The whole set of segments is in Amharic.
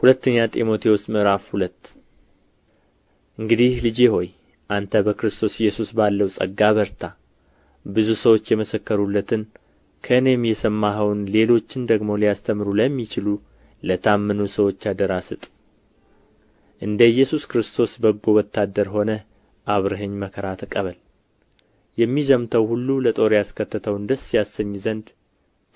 ሁለተኛ ጢሞቴዎስ ምዕራፍ ሁለት እንግዲህ ልጄ ሆይ አንተ በክርስቶስ ኢየሱስ ባለው ጸጋ በርታ። ብዙ ሰዎች የመሰከሩለትን ከእኔም የሰማኸውን ሌሎችን ደግሞ ሊያስተምሩ ለሚችሉ ለታመኑ ሰዎች አደራ ስጥ። እንደ ኢየሱስ ክርስቶስ በጎ ወታደር ሆነህ አብረኸኝ መከራ ተቀበል። የሚዘምተው ሁሉ ለጦር ያስከተተውን ደስ ያሰኝ ዘንድ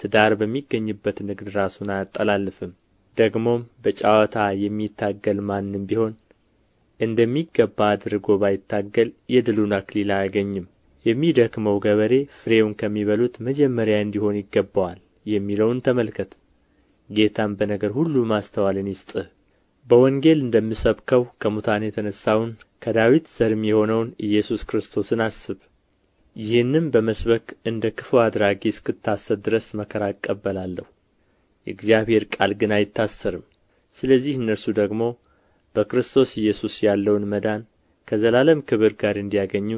ትዳር በሚገኝበት ንግድ ራሱን አያጠላልፍም። ደግሞም በጨዋታ የሚታገል ማንም ቢሆን እንደሚገባ አድርጎ ባይታገል የድሉን አክሊል አያገኝም የሚደክመው ገበሬ ፍሬውን ከሚበሉት መጀመሪያ እንዲሆን ይገባዋል የሚለውን ተመልከት ጌታም በነገር ሁሉ ማስተዋልን ይስጥህ በወንጌል እንደምሰብከው ከሙታን የተነሣውን ከዳዊት ዘርም የሆነውን ኢየሱስ ክርስቶስን አስብ ይህንም በመስበክ እንደ ክፉ አድራጊ እስክታሰር ድረስ መከራ እቀበላለሁ የእግዚአብሔር ቃል ግን አይታሰርም ስለዚህ እነርሱ ደግሞ በክርስቶስ ኢየሱስ ያለውን መዳን ከዘላለም ክብር ጋር እንዲያገኙ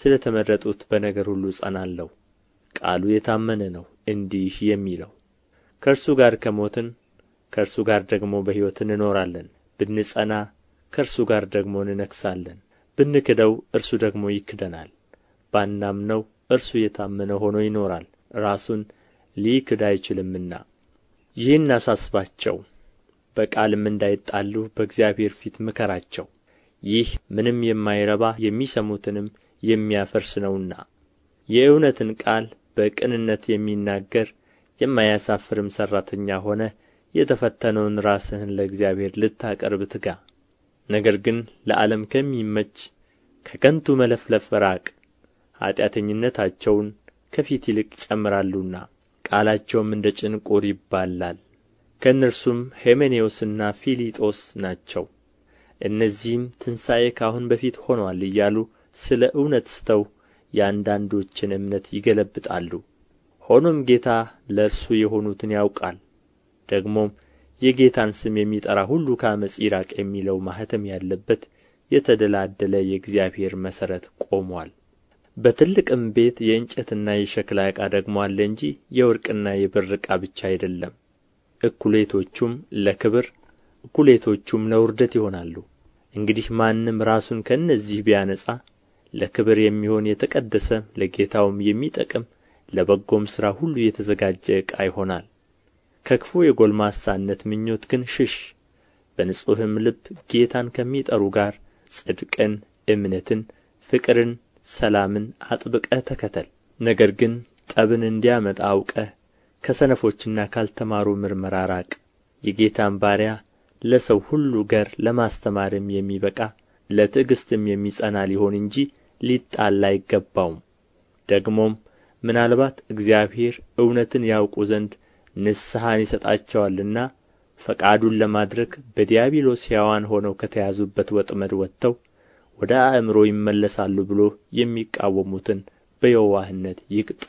ስለ ተመረጡት በነገር ሁሉ ጸናለሁ። ቃሉ የታመነ ነው እንዲህ የሚለው ከእርሱ ጋር ከሞትን ከእርሱ ጋር ደግሞ በሕይወት እንኖራለን ብንጸና ከእርሱ ጋር ደግሞ እንነግሣለን ብንክደው እርሱ ደግሞ ይክደናል ባናምነው እርሱ የታመነ ሆኖ ይኖራል ራሱን ሊክድ አይችልምና ይህን አሳስባቸው በቃልም እንዳይጣሉ በእግዚአብሔር ፊት ምከራቸው ይህ ምንም የማይረባ የሚሰሙትንም የሚያፈርስ ነውና የእውነትን ቃል በቅንነት የሚናገር የማያሳፍርም ሠራተኛ ሆነ የተፈተነውን ራስህን ለእግዚአብሔር ልታቀርብ ትጋ። ነገር ግን ለዓለም ከሚመች ከከንቱ መለፍለፍ ራቅ፣ ኀጢአተኝነታቸውን ከፊት ይልቅ ይጨምራሉና። ቃላቸውም እንደ ጭንቁር ይባላል ከእነርሱም ሄሜኔዎስና ፊሊጦስ ናቸው እነዚህም ትንሣኤ ከአሁን በፊት ሆኖአል እያሉ ስለ እውነት ስተው የአንዳንዶችን እምነት ይገለብጣሉ ሆኖም ጌታ ለእርሱ የሆኑትን ያውቃል ደግሞም የጌታን ስም የሚጠራ ሁሉ ከአመፅ ይራቅ የሚለው ማኅተም ያለበት የተደላደለ የእግዚአብሔር መሠረት ቆሞአል በትልቅም ቤት የእንጨትና የሸክላ ዕቃ ደግሞ አለ እንጂ የወርቅና የብር ዕቃ ብቻ አይደለም እኵሌቶቹም ለክብር እኵሌቶቹም ለውርደት ይሆናሉ እንግዲህ ማንም ራሱን ከእነዚህ ቢያነጻ ለክብር የሚሆን የተቀደሰ ለጌታውም የሚጠቅም ለበጎም ሥራ ሁሉ የተዘጋጀ ዕቃ ይሆናል ከክፉ የጎልማሳነት ምኞት ግን ሽሽ በንጹሕም ልብ ጌታን ከሚጠሩ ጋር ጽድቅን እምነትን ፍቅርን ሰላምን አጥብቀህ ተከተል ነገር ግን ጠብን እንዲያመጣ አውቀህ ከሰነፎችና ካልተማሩ ምርመራ ራቅ የጌታን ባሪያ ለሰው ሁሉ ገር ለማስተማርም የሚበቃ ለትዕግሥትም የሚጸና ሊሆን እንጂ ሊጣላ አይገባውም ደግሞም ምናልባት እግዚአብሔር እውነትን ያውቁ ዘንድ ንስሐን ይሰጣቸዋልና ፈቃዱን ለማድረግ በዲያብሎስ ሕያዋን ሆነው ከተያዙበት ወጥመድ ወጥተው ወደ አእምሮ ይመለሳሉ ብሎ የሚቃወሙትን በየዋህነት ይቅጣ